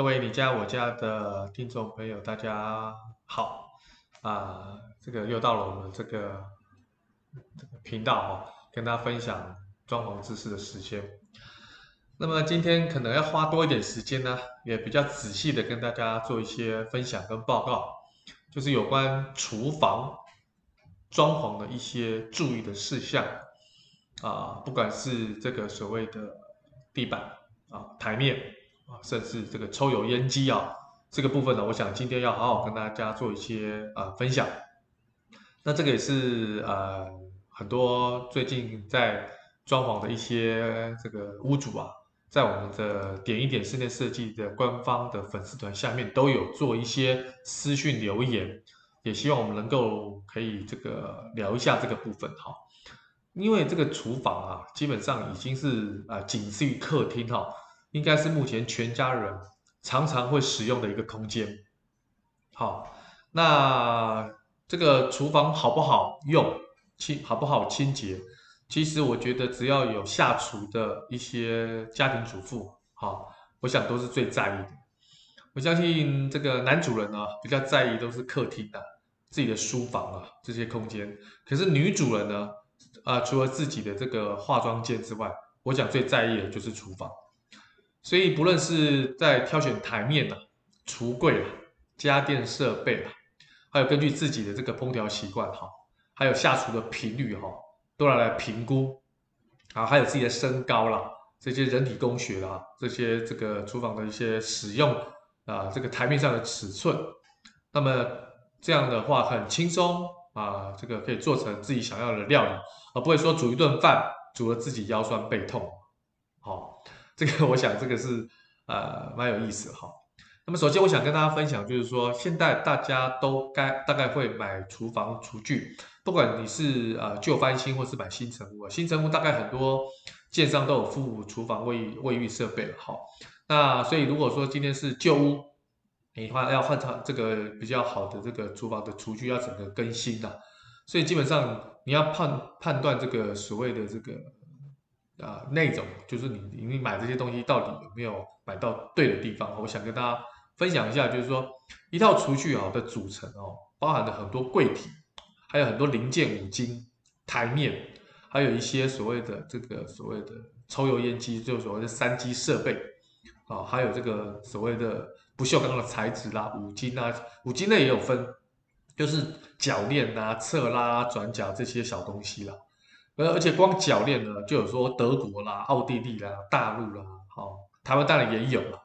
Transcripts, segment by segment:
各位，你家我家的聽眾朋友，大家好！啊，這個又到了我們這個這個頻道哈、啊，跟大家分享裝潢知識的時間。那麼今天可能要花多一點時間呢，也比較仔細的跟大家做一些分享跟報告，就是有關廚房裝潢的一些注意的事項啊，不管是這個所謂的地板啊、台面。甚至這個抽油煙機啊，這個部分呢，我想今天要好好跟大家做一些啊、呃、分享。那這個也是呃很多最近在裝潢的一些這個屋主啊，在我們的點一點室內設計的官方的粉絲團下面都有做一些私訊留言，也希望我們能夠可以這個聊一下這個部分哈。因為這個廚房啊，基本上已經是啊、呃，僅次於客廳哈、啊。應該是目前全家人常常會使用的一個空間。好，那這個廚房好不好用，清好不好清潔？其實我覺得只要有下廚的一些家庭主婦，好，我想都是最在意的。我相信這個男主人呢、啊，比較在意都是客廳啊、自己的書房啊這些空間。可是女主人呢，啊、呃，除了自己的這個化妝間之外，我想最在意的就是廚房。所以，不論是在挑選台面啦、櫥櫃啊、家電設備啊，還有根據自己的這個烹調習慣哈，還有下廚的頻率哈，都要來評估啊。還有自己的身高啦，這些人體工學啦，這些這個廚房的一些使用啊，這個台面上的尺寸。那麼這樣的話很輕鬆啊，這個可以做成自己想要的料理，而不會說煮一頓飯煮得自己腰酸背痛，好。這個我想，這個是呃蠻有意思的哈。那麼首先我想跟大家分享，就是說現在大家都該大概會買廚房廚具，不管你是呃舊翻新或是買新成屋，新成屋大概很多建商都有附廚房衛衛浴設備了哈。那所以如果說今天是舊屋，你的話要換成這個比較好的這個廚房的廚具要整個更新的啊，所以基本上你要判判斷這個所謂的這個。啊，那種就是你你買這些東西到底有沒有買到對的地方？我想跟大家分享一下，就是說一套廚具哦的組成哦，包含了很多櫃體，還有很多零件、五金、台面，還有一些所謂的這個所謂的抽油煙機，就所謂的三機設備，啊，還有這個所謂的不銹鋼的材質啦、五金啦、啊，五金類也有分，就是鉸鏈啊、側拉、啊、轉角這些小東西啦。而而且光鉸鏈呢，就有說德國啦、奧地利啦、大陸啦、好、哦，台灣當然也有啦。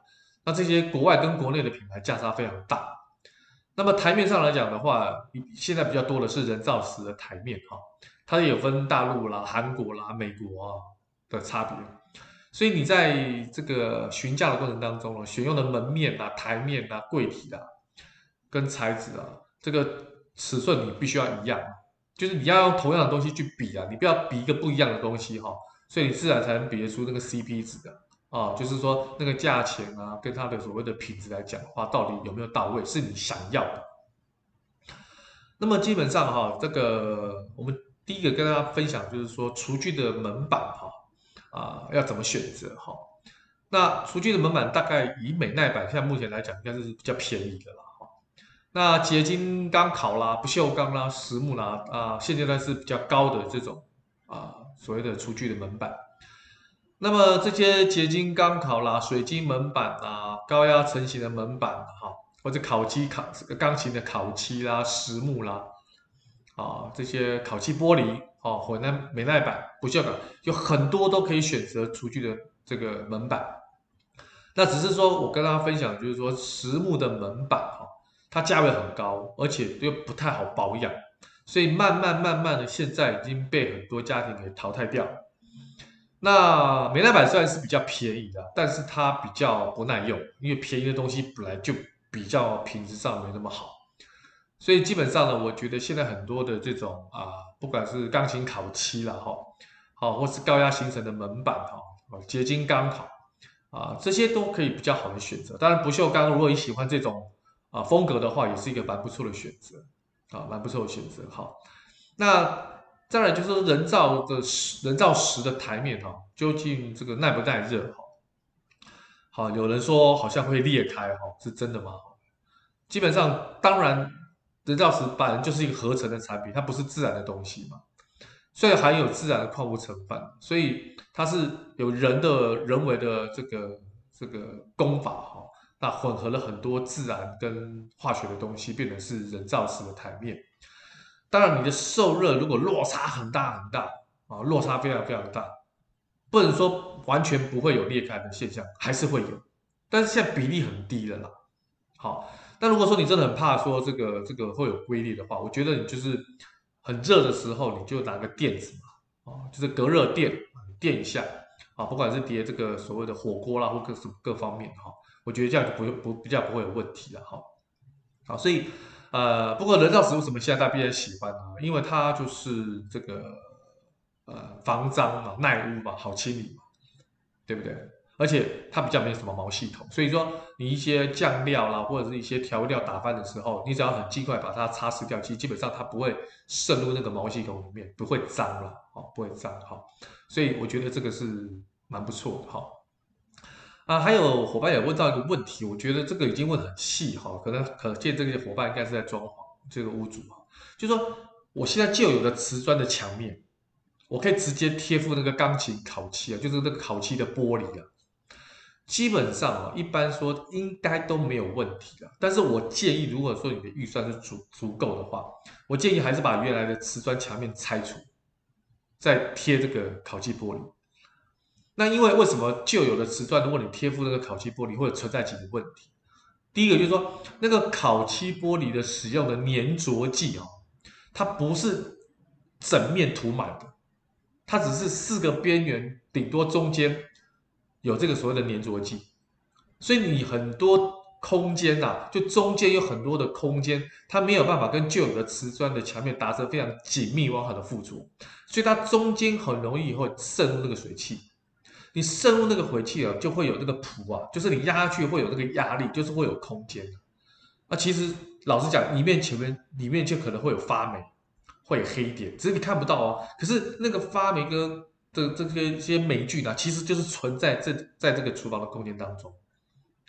那這些國外跟國內的品牌價差非常大。那麼台面上來講的話，現在比較多的是人造石的台面，哈、哦，它也有分大陸啦、韓國啦、美國、啊、的差別。所以你在這個詢價的過程當中呢，選用的門面啊、台面啊、櫃體啊、跟材質啊，這個尺寸你必須要一樣。就是你要用同樣的東西去比啊，你不要比一個不一樣的東西哈、哦，所以你自然才能比得出那個 CP 值的啊、哦，就是說那個價錢啊，跟它的所謂的品質來講的話，到底有沒有到位，是你想要的。那麼基本上哈、哦，這個我們第一個跟大家分享就是說，廚具的門板哈、哦，啊，要怎麼選擇哈、哦？那廚具的門板大概以美耐板，現在目前來講應該是比較便宜的了。那結晶鋼烤啦，不鏽鋼啦，實木啦，啊，現階段是比較高的這種啊，所謂的廚具的門板。那麼這些結晶鋼烤啦，水晶門板啦、啊，高壓成型的門板，哈、啊，或者烤漆烤鋼琴的烤漆啦，實木啦，啊，這些烤漆玻璃，哦，火耐、美耐板、不鏽鋼，有很多都可以選擇廚具的這個門板。那只是說我跟大家分享，就是說實木的門板，哈。它價位很高，而且又不太好保養，所以慢慢慢慢的，現在已經被很多家庭給淘汰掉。那美耐板雖然是比較便宜的，但是它比較不耐用，因為便宜的東西本來就比較品質上沒那麼好。所以基本上呢，我覺得現在很多的這種啊，不管是鋼琴烤漆啦哈，好、啊，或是高壓形成的門板哈、啊，結晶鋼烤啊，這些都可以比較好的選擇。當然，不鏽鋼如果你喜歡這種。啊，風格的話也是一個蠻不錯的選擇，啊，蠻不錯的選擇。哈，那再來就是說人造的石，人造石的台面哈、啊，究竟這個耐不耐熱？好，好有人說好像會裂開，哈、哦，是真的嗎？基本上，當然，人造石板就是一個合成的產品，它不是自然的東西嘛，所以含有自然的礦物成分，所以它是有人的人為的這個這個功法，哈、哦。那混合了很多自然跟化學的東西，變成是人造石的台面。當然，你的受熱如果落差很大很大啊，落差非常非常大，不能說完全不會有裂開的現象，還是會有。但是現在比例很低了啦。好，那如果說你真的很怕說這個這個會有龜裂的話，我覺得你就是很熱的時候，你就拿個墊子嘛，啊，就是隔熱墊墊一下啊，不管是疊這個所謂的火鍋啦，或各什麼各方面哈。我覺得這樣就不不比較不會有問題了哈，好，所以呃，不過人造石為什麼現在大家比較喜歡呢？因為它就是這個呃防髒嘛、耐污嘛、好清理嘛，對不對？而且它比較沒有什麼毛細孔，所以說你一些醬料啦或者是一些調料打翻的時候，你只要很盡快把它擦拭掉，其實基本上它不會滲入那個毛細孔裡面，不會髒了哦，不會髒哈。所以我覺得這個是蠻不錯的哈。啊，還有夥伴也問到一個問題，我覺得這個已經問很細哈，可能可見這些伙伴應該是在裝潢這個屋主啊，就說我現在就有的瓷磚的牆面，我可以直接貼附那個鋼琴烤漆啊，就是那個烤漆的玻璃啊，基本上啊，一般說應該都沒有問題了。但是我建議，如果說你的預算是足足夠的話，我建議還是把原來的瓷磚牆面拆除，再貼這個烤漆玻璃。那因為為什麼舊有的瓷磚，如果你貼附那個烤漆玻璃，會存在幾個問題？第一個就是說，那個烤漆玻璃的使用的粘着劑啊、哦，它不是整面塗滿的，它只是四個邊緣，頂多中間有這個所謂的粘着劑。所以你很多空間吶、啊，就中間有很多的空間，它沒有辦法跟舊有的瓷磚的牆面達成非常緊密、完好的附着，所以它中間很容易會滲入那個水汽。你滲入那個回氣啊，就會有那個譜啊，就是你壓下去會有那個壓力，就是會有空間啊，那其實老實講，裡面前面裡面就可能會有發霉，會有黑點，只是你看不到哦、啊。可是那個發霉跟這這些些霉菌啊，其實就是存在這在這個廚房的空間當中。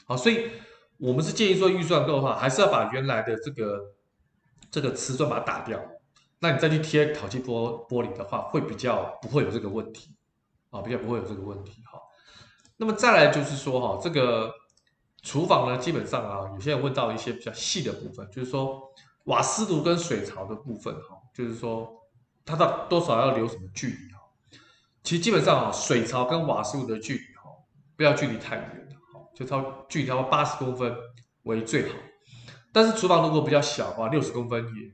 好，所以我們是建議說，預算夠的話，還是要把原來的這個這個瓷磚把它打掉，那你再去貼烤漆玻玻璃的話，會比較不會有這個問題。啊，比較不會有這個問題哈。那麼再來就是說哈，這個廚房呢，基本上啊，有些人問到一些比較細的部分，就是說瓦斯爐跟水槽的部分哈，就是說它到多少要留什麼距離哈。其實基本上啊，水槽跟瓦斯爐的距離哈，不要距離太遠的，就超距離超過八十公分為最好。但是廚房如果比較小的話，六十公分也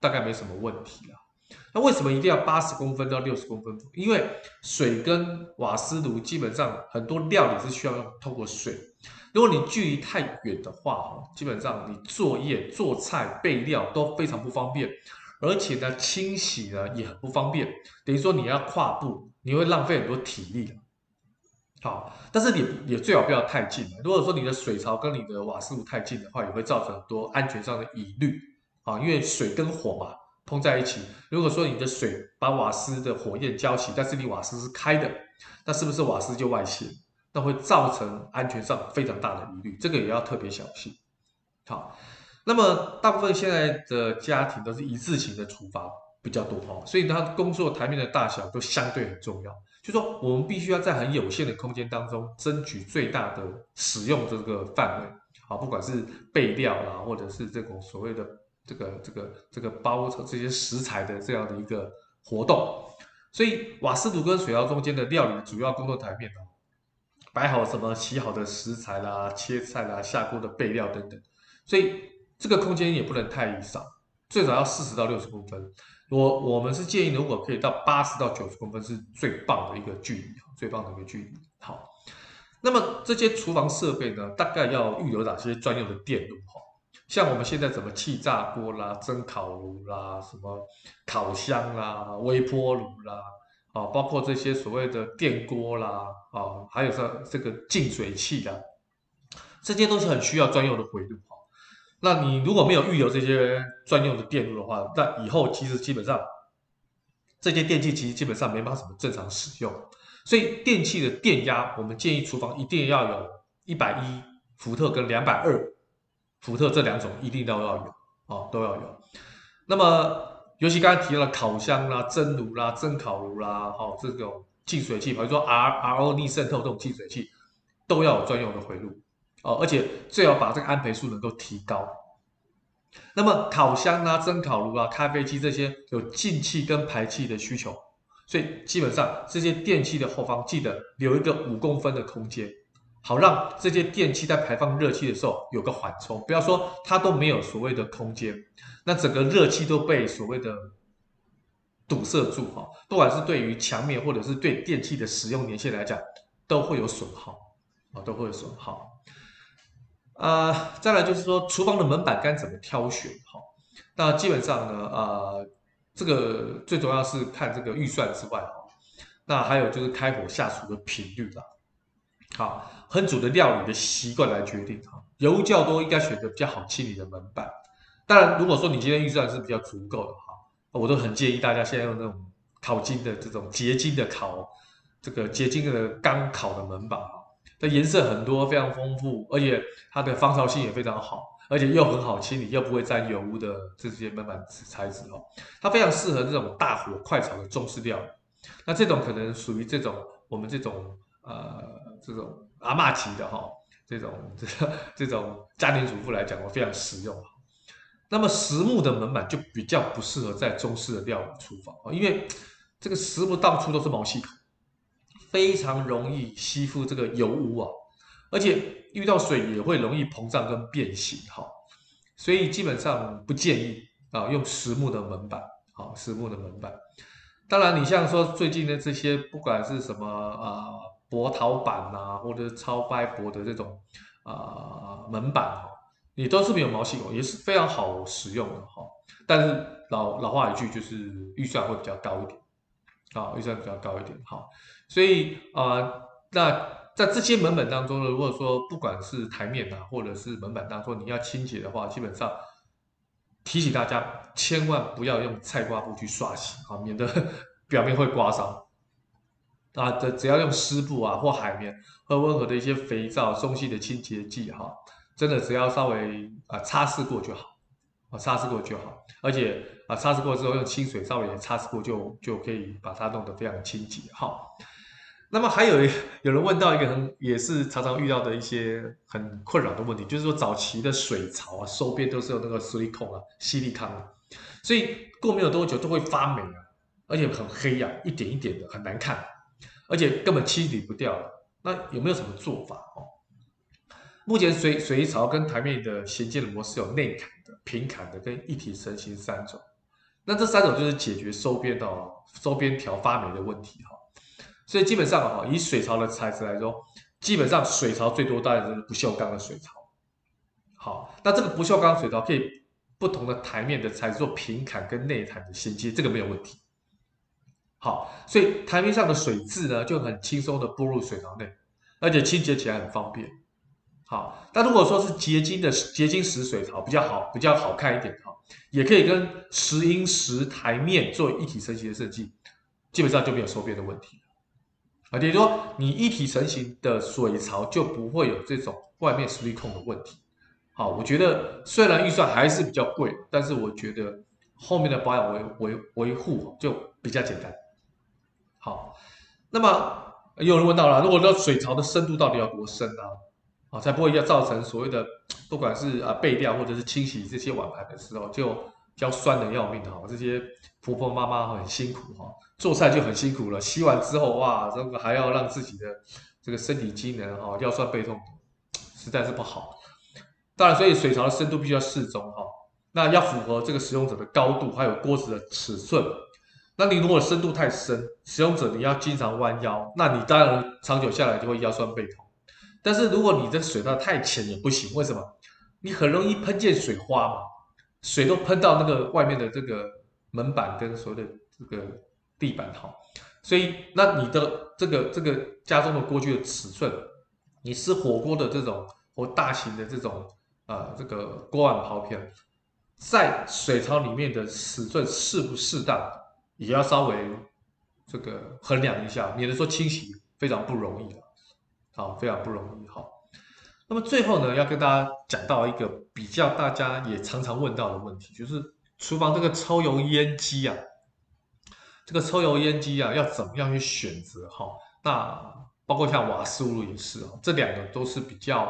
大概沒什麼問題啊。那為什麼一定要八十公分到六十公分？因為水跟瓦斯爐基本上很多料理是需要用透過水，如果你距離太遠的話，基本上你作業、做菜、備料都非常不方便，而且呢，清洗呢也很不方便，等於說你要跨步，你會浪費很多體力。好，但是你也，也最好不要太近。如果說你的水槽跟你的瓦斯爐太近的話，也會造成很多安全上的疑慮啊，因為水跟火嘛。碰在一起，如果說你的水把瓦斯的火焰澆熄，但是你瓦斯是開的，那是不是瓦斯就外泄？那會造成安全上非常大的疑慮，這個也要特別小心。好，那麼大部分現在的家庭都是一字型的廚房比較多哈，所以它工作台面的大小都相對很重要。就說我們必須要在很有限的空間當中爭取最大的使用這個範圍，好，不管是備料啦，或者是這種所謂的。這個這個這個包括這些食材的這樣的一個活動，所以瓦斯爐跟水槽中間的料理主要工作台面哦，擺好什麼洗好的食材啦，啊、切菜啦，啊、下鍋的備料等等，所以這個空間也不能太少，最少要四十到六十公分我。我我們是建議，如果可以到八十到九十公分，是最棒的一個距離，最棒的一個距離。好，那麼這些廚房設備呢，大概要預留哪些專用的電路哈？像我們現在怎麼氣炸鍋啦、蒸烤爐啦、什麼烤箱啦、微波爐啦，啊，包括這些所謂的電鍋啦，啊，還有這這個淨水器啦、啊。這些都是很需要專用的回路哈。那你如果沒有預留這些專用的電路的話，那以後其實基本上這些電器其實基本上沒辦法怎麼正常使用。所以電器的電壓，我們建議廚房一定要有一百一伏特跟兩百二。伏特這兩種一定都要有啊、哦，都要有。那麼，尤其剛才提到了烤箱啦、蒸爐啦、蒸烤爐啦，哈、哦，這種淨水器，比如說 RO 逆滲透這種淨水器，都要有專用的迴路哦，而且最好把這個安培數能夠提高。那麼，烤箱啦、蒸烤爐啊、咖啡機這些有進氣跟排氣的需求，所以基本上這些電器的後方記得留一個五公分的空間。好讓這些電器在排放熱氣的時候有個緩衝，不要說它都沒有所謂的空間，那整個熱氣都被所謂的堵塞住哈。不管是對於牆面或者是對電器的使用年限來講，都會有損耗啊，都會有損耗。啊、呃，再來就是說廚房的門板該怎麼挑選哈？那基本上呢啊、呃，這個最重要是看這個預算之外哈，那還有就是開火下廚的頻率啦，好，烹煮的料理的習慣來決定哈。油污較多，應該選擇比較好清理的門板。當然，如果說你今天預算是比較足夠的哈，我都很建議大家現在用那種烤金的這種結晶的烤，這個結晶的鋼烤的門板哈。它顏色很多，非常豐富，而且它的防潮性也非常好，而且又很好清理，又不會沾油污的這些門板材質哈。它非常適合這種大火快炒的中式料理。那這種可能屬於這種我們這種。呃，這種阿嬤級的，哈，這種這這種家庭主婦來講，我非常實用。那麼實木的門板就比較不適合在中式的料理廚房啊，因為這個實木到處都是毛細孔，非常容易吸附這個油污啊，而且遇到水也會容易膨脹跟變形哈。所以基本上不建議啊用實木的門板，好實木的門板。當然你像說最近的這些，不管是什麼啊。呃薄陶板吶、啊，或者是超白玻的這種啊、呃、門板哈，也都是沒有毛細孔，也是非常好使用的哈。但是老老話一句就是預算會比較高一點，啊、哦、預算比較高一點哈、哦。所以啊、呃，那在這些門板當中呢，如果說不管是台面吶、啊，或者是門板當中你要清潔的話，基本上提醒大家千萬不要用菜瓜布去刷洗，啊免得表面會刮傷。啊，只只要用濕布啊，或海綿，或溫和的一些肥皂、中性的清潔劑，哈、哦，真的只要稍微啊擦拭過就好，啊擦拭過就好，而且啊擦拭過之後，用清水稍微也擦拭過就就可以把它弄得非常清潔，哈、哦。那麼還有有人問到一個很也是常常遇到的一些很困擾的問題，就是說早期的水槽啊，收邊都是用那個矽利康啊、矽利康、啊。所以過沒有多久都會發霉啊，而且很黑呀、啊，一點一點的很難看、啊。而且根本清理不掉了，那有沒有什麼做法？哦，目前水水槽跟台面的銜接的模式有內坎的，平砍的跟一體成型三種。那這三種就是解決收邊哦、收邊條發霉的問題，所以基本上哈，以水槽的材質來說，基本上水槽最多帶的是不鏽鋼的水槽。好，那這個不鏽鋼水槽可以不同的台面的材質做平砍跟內坎的銜接，這個沒有問題。好，所以台面上的水漬呢，就很輕鬆的步入水槽內，而且清潔起來很方便。好，那如果說是結晶的結晶石水槽比較好，比較好看一點。哈，也可以跟石英石台面做一體成型的設計，基本上就沒有收邊的問題。啊，等於說你一體成型的水槽就不會有這種外面矽利康的問題。好，我覺得雖然預算還是比較貴，但是我覺得後面的保養維維維護就比較簡單。好，那麼有人問到了，如果說水槽的深度到底要多深呢？啊，才不會要造成所謂的不管是啊備料或者是清洗這些碗盤的時候就腰酸的要命哈，這些婆婆媽媽很辛苦哈，做菜就很辛苦了，洗完之後哇，這個還要讓自己的這個身體機能哈，腰酸背痛，實在是不好。當然，所以水槽的深度必須要適中哈，那要符合這個使用者的高度，還有鍋子的尺寸。那你如果深度太深，使用者，你要經常彎腰，那你當然長久下來就會腰痠背痛。但是如果你這水道太淺也不行，為什麼？你很容易噴濺水花嘛，水都噴到那個外面的這個門板跟所有的這個地板好，所以那你的這個這個家中的鍋具的尺寸，你吃火鍋的這種或大型的這種呃這個鍋碗瓢盆，在水槽裡面的尺寸適不適當？也要稍微這個衡量一下，免得說清洗非常不容易啊，非常不容易哈。那麼最後呢，要跟大家講到一個比較大家也常常問到的問題，就是廚房這個抽油煙機啊，這個抽油煙機啊要怎麼樣去選擇哈、哦？那包括像瓦斯爐也是啊、哦，這兩個都是比較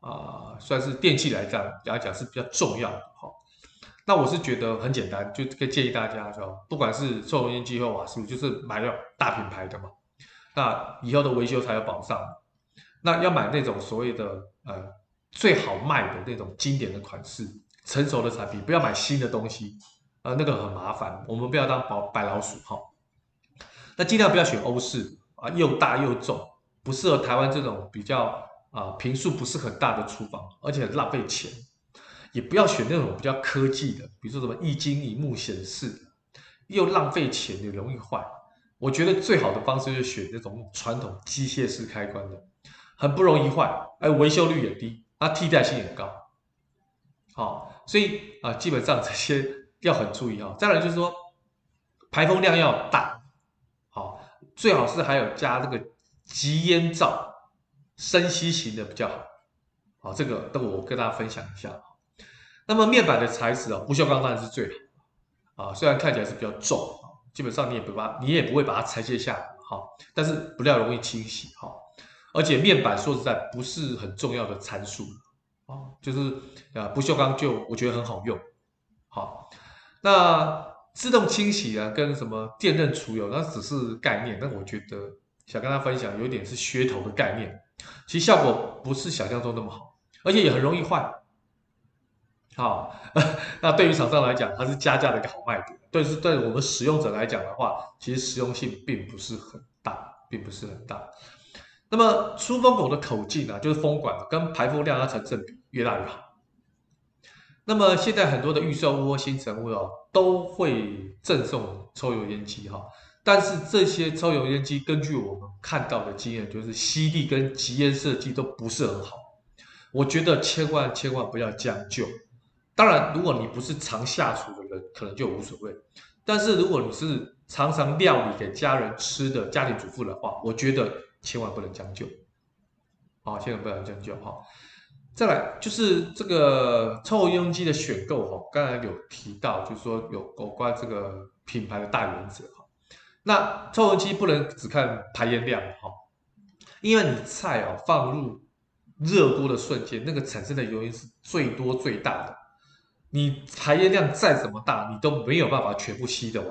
啊、呃，算是電器來講來講是比較重要的哈。哦那我是覺得很簡單，就可以建議大家說，不管是抽油煙機或瓦斯，是是就是買了大品牌的嘛。那以後的維修才有保障。那要買那種所謂的呃最好賣的那種經典的款式，成熟的產品，不要買新的東西，呃那個很麻煩。我們不要當白白老鼠哈、哦。那盡量不要選歐式啊、呃，又大又重，不適合台灣這種比較啊坪、呃、數不是很大的廚房，而且很浪費錢。也不要選那種比較科技的，比如說什麼液晶螢幕顯示，又浪費錢又容易壞。我覺得最好的方式就是選那種傳統機械式開關的，很不容易壞，而維修率也低，啊，替代性也高。好，所以啊、呃，基本上這些要很注意啊、哦。再來就是說，排風量要大，好，最好是還有加那個集煙罩，深吸型的比較好。好，這個等我跟大家分享一下。那麼面板的材質啊，不鏽鋼當然是最好，啊，雖然看起來是比較重，基本上你也不把，你也不會把它拆卸下來，哈，但是比較容易清洗，哈，而且面板說實在不是很重要的參數，啊，就是啊不鏽鋼就我覺得很好用，好，那自動清洗啊跟什麼電熱除油，那只是概念，但我覺得想跟大家分享，有點是噱頭的概念，其實效果不是想象中那麼好，而且也很容易壞。好、哦，那對於廠商來講，它是加價的一個好賣點。但是對於我們使用者來講的話，其實實用性並不是很大，並不是很大。那麼出風口的口徑啊，就是風管跟排風量它成正比，越大越好。那麼現在很多的預售屋或新成屋哦，都會贈送抽油煙機哈、哦，但是這些抽油煙機根據我們看到的經驗，就是吸力跟集煙設計都不是很好。我覺得千萬千萬不要將就。當然，如果你不是常下廚的人，可能就無所謂。但是如果你是常常料理給家人吃的家庭主婦的話，我覺得千萬不能將就。好，千萬不能將就哈。再來就是這個抽油煙機的選購哈，剛才有提到，就是說有有關這個品牌的大原則哈。那抽油煙機不能只看排煙量哈，因為你菜哦放入熱鍋的瞬間，那個產生的油煙是最多最大的。你排煙量再怎麼大，你都沒有辦法全部吸得完，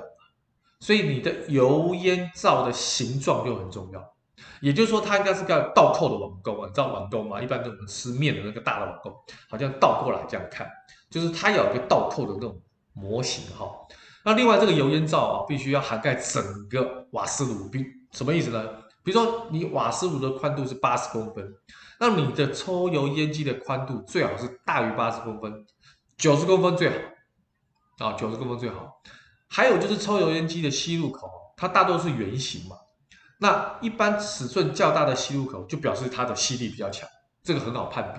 所以你的油煙罩的形狀就很重要。也就是說，它應該是個倒扣的碗公啊，你知道碗公嗎？一般都我們吃麵的那個大的碗公，好像倒過來這樣看，就是它有一個倒扣的那種模型哈、哦。那另外，這個油煙罩啊，必須要涵蓋整個瓦斯爐壁，什麼意思呢？比如說你瓦斯爐的寬度是八十公分，那你的抽油煙機的寬度最好是大於八十公分。九十公分最好啊，九十公分最好。還有就是抽油煙機的吸入口，它大多是圓形嘛。那一般尺寸較大的吸入口，就表示它的吸力比較強，這個很好判別。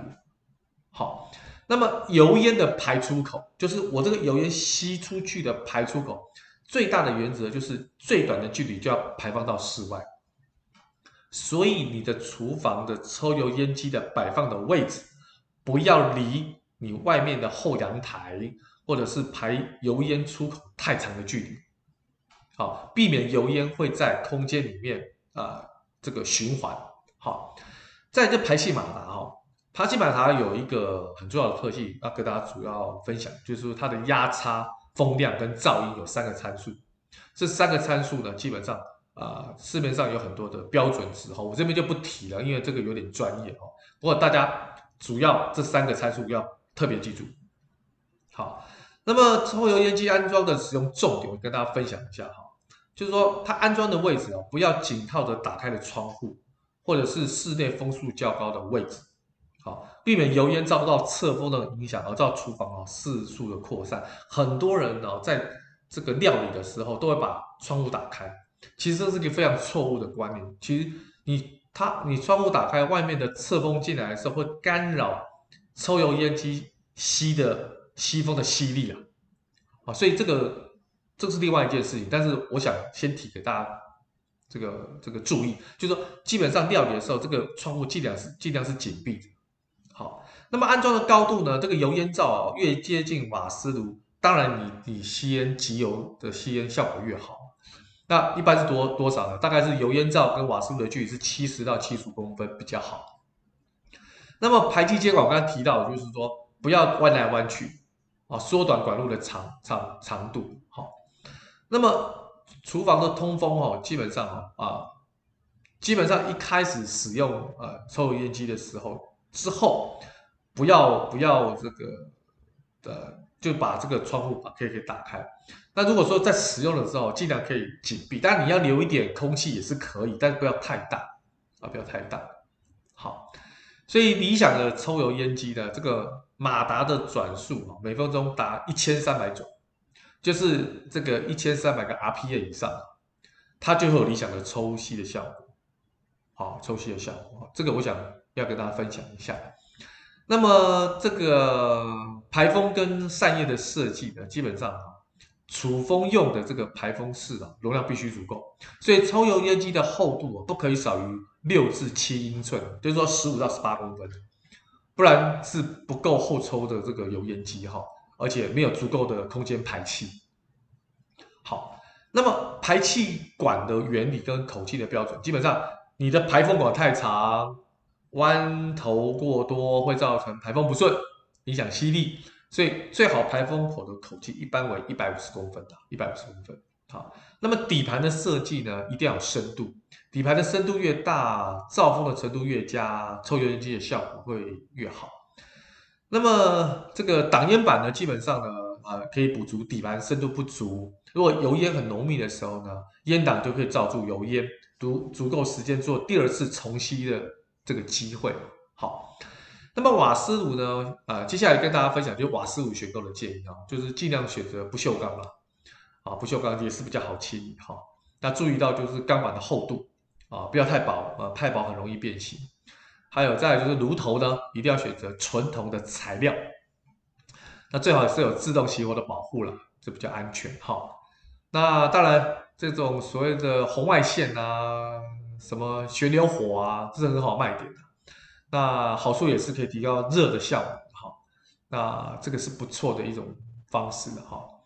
好，那麼油煙的排出口，就是我這個油煙吸出去的排出口，最大的原則就是最短的距離就要排放到室外。所以你的廚房的抽油煙機的擺放的位置，不要離。你外面的後陽台或者是排油煙出口太長的距離，好，哦，避免油煙會在空間裡面啊、呃、這個循環。好，哦，在這排氣馬達哈、哦，排氣馬達有一個很重要的特性要、啊、跟大家主要分享，就是它的壓差、風量跟噪音有三個參數。這三個參數呢，基本上啊、呃，市面上有很多的標準值哈、哦，我這邊就不提了，因為這個有點專業哈、哦。不過大家主要這三個參數要。特別記住，好，那麼抽油煙機安裝的使用重點，我跟大家分享一下哈，就是說它安裝的位置哦，不要緊靠着打開的窗戶，或者是室內風速較高的位置，好，避免油煙遭到側風的影響而到廚房啊、哦、四處的擴散。很多人呢、哦，在這個料理的時候都會把窗戶打開，其實這是一個非常錯誤的觀念。其實你它你窗戶打開，外面的側風進來的時候會干擾。抽油煙機吸的吸風的吸力啊，啊，所以這個這是另外一件事情。但是我想先提給大家這個這個注意，就是說基本上料理的時候，這個窗戶盡量是盡量是緊閉。好，那麼安裝的高度呢？這個油煙灶，啊、越接近瓦斯爐，當然你你吸煙集油的吸煙效果越好。那一般是多多少呢？大概是油煙灶跟瓦斯爐的距離是七十到七十五公分比較好。那麼排氣接管，我剛剛提到就是說不要彎來彎去，啊，縮短管路的長長長度。好，那麼廚房的通風哦，基本上啊，基本上一開始使用呃抽油煙機的時候之後，不要不要這個呃就把這個窗戶可以可以打開。那如果說在使用的時候，盡量可以緊閉，但你要留一點空氣也是可以，但是不要太大啊，不要太大。所以理想的抽油煙機呢，這個馬達的轉速啊，每分鐘達一千三百轉，就是這個一千三百個 RPM 以上，它就會有理想的抽吸的效果。好，抽吸的效果，這個我想要跟大家分享一下。那麼這個排風跟扇葉的設計呢，基本上啊，儲風用的這個排風室啊，容量必須足夠，所以抽油煙機的厚度啊，不可以少於，六至七英寸，就是說十五到十八公分，不然是不夠後抽的這個油煙機哈，而且沒有足夠的空間排氣。好，那麼排氣管的原理跟口徑的標準，基本上你的排風管太長、彎頭過多，會造成排風不順，影響吸力，所以最好排風口的口徑一般為一百五十公分的，一百五十公分。好，那麼底盤的設計呢，一定要有深度。底盤的深度越大，罩風的程度越佳，抽油煙機的效果會越好。那麼這個擋煙板呢，基本上呢，呃，可以補足底盤深度不足。如果油煙很濃密的時候呢，煙擋就可以罩住油煙，足足夠時間做第二次重吸的這個機會。好，那麼瓦斯爐呢，呃，接下來跟大家分享就是瓦斯爐選購的建議啊、哦，就是盡量選擇不鏽鋼嘛，啊、哦，不鏽鋼也是比較好清理哈、哦。那注意到就是鋼板的厚度。啊、哦，不要太薄，呃，太薄很容易變形。還有再來就是爐頭呢，一定要選擇純銅的材料，那最好是有自動熄火的保護了，這比較安全哈、哦。那當然，這種所謂的紅外線啊，什麼旋流火啊，這是很好賣點的。那好處也是可以提高熱的效率哈、哦。那這個是不錯的一種方式了哈。哦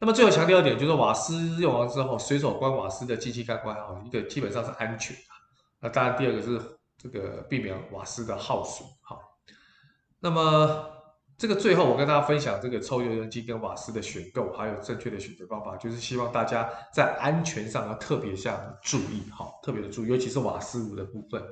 那麼最後強調一點，就是瓦斯用完之後隨手關瓦斯的機器開關，哈，一個基本上是安全的。那當然，第二個是這個避免瓦斯的耗損，哈。那麼這個最後我跟大家分享這個抽油煙機跟瓦斯的選購，還有正確的選擇方法，就是希望大家在安全上要特別下注意，哈，特別的注意，尤其是瓦斯爐的部分。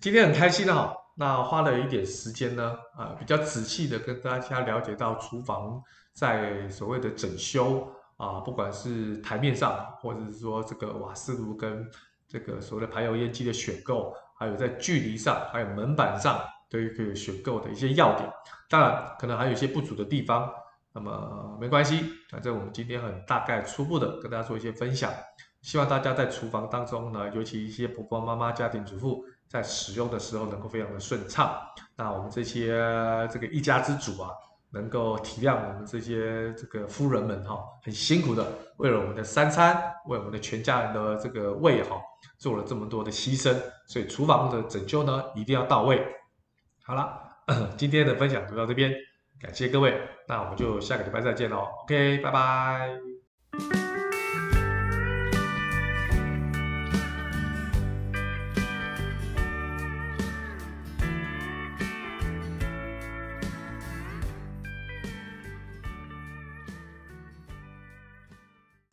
今天很開心的，那花了一點時間呢，啊，比較仔細的跟大家了解到廚房。在所謂的整修啊，不管是台面上，或者是說這個瓦斯爐跟這個所謂的排油煙機的選購，還有在距離上，還有門板上都可以選購的一些要點。當然，可能還有一些不足的地方，那麼沒關係，反正我們今天很大概初步的跟大家做一些分享，希望大家在廚房當中呢，尤其一些婆婆媽媽、家庭主婦在使用的時候能夠非常的順暢。那我們這些這個一家之主啊，能夠體諒我們這些這個夫人們哈，很辛苦的為了我們的三餐，為我們的全家人的這個胃哈，做了這麼多的犧牲，所以廚房的整修呢，一定要到位。好啦，今天的分享就到這邊，感謝各位，那我們就下個禮拜再見嘍，OK，拜拜。